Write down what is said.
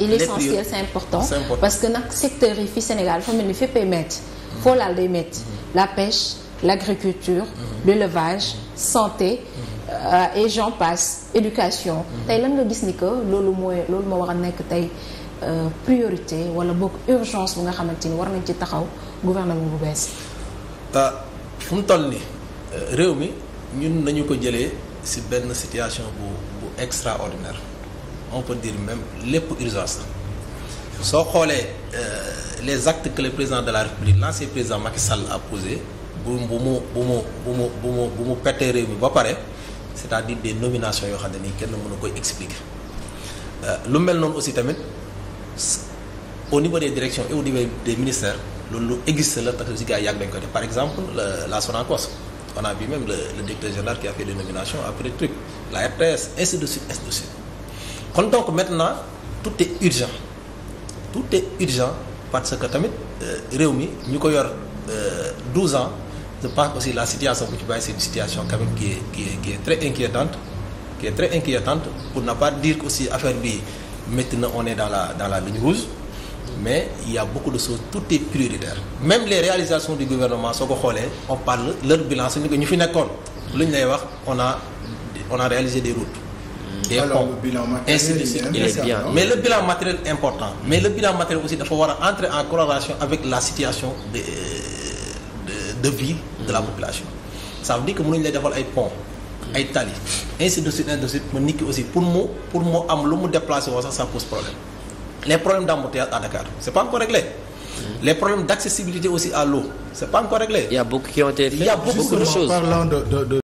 et l'essentiel c'est important parce que nag secteur yi fi Sénégal dafa mel ni féppay métti foo laal day métti mm-hmm. la pêche l'agriculture mm-hmm. l'élevage mm-hmm. santé euh, et j'en passe éducation tey lan nga gis ni que loolu mooy loolu moo war nekk tey euh, priorité wala boog urgence bu nga xamante ni war nañ ci taxaw gouvernement bu bees ah fu mu toll ni euh, réew mi ñun nañu ko jële ci benn situation bu bu extraordinaire on peut dire même lépp urgence la soo xoolee euh, les actes que le président de la république l'ancien président Macky Sall a posé bu bu mu bu mu bu mu bu mu bu mu pété réew mi ba pare c'est-à-dire des nominations yoo xam ne nii kenn mënu koy expliquer euh, lu mel noonu aussi tamit au niveau des directions et au niveau lu existe la parce que si gars yi yàgg nañu ko def par exemple la Sonacos on a vu même le, le directeur général qui a fait des nominations après le la RTS ainsi de kon donc maintenant tout est urgent tout est urgent parce que tamit euh, réew mi ñu ko yor 12 euh, ans je pense aussi la situation bu ci bàyyi c'est une situation quand même qui est qui est qui est très inquiétante qui est très inquiétante pour ne pas dire que aussi affaire bi métti na on est dans la dans la ligne rouge mais il y a beaucoup de choses tout est prioritaire même les réalisations du gouvernement soo ko xoolee on parle leur bilan su ñu ko ñu fi nekkoon lu ñu lay wax on a on a réalisé des routes des ponts ainsi de suite il est bien mais le bilan matériel important mais le bilan matériel aussi dafa war a entrer en corrélation avec la situation de de vie de la mm. population ça veut que mënuñu lay defal ay pont ay tali ainsi de suite ainsi aussi pour mu pour mu am lu mu déplacé woo sax ça pose problème les problèmes d'embouteillage à Dakar c'est pas encore réglé mm. les problèmes d'accessibilité aussi à l'eau c'est pas encore réglé il y a beaucoup qui ont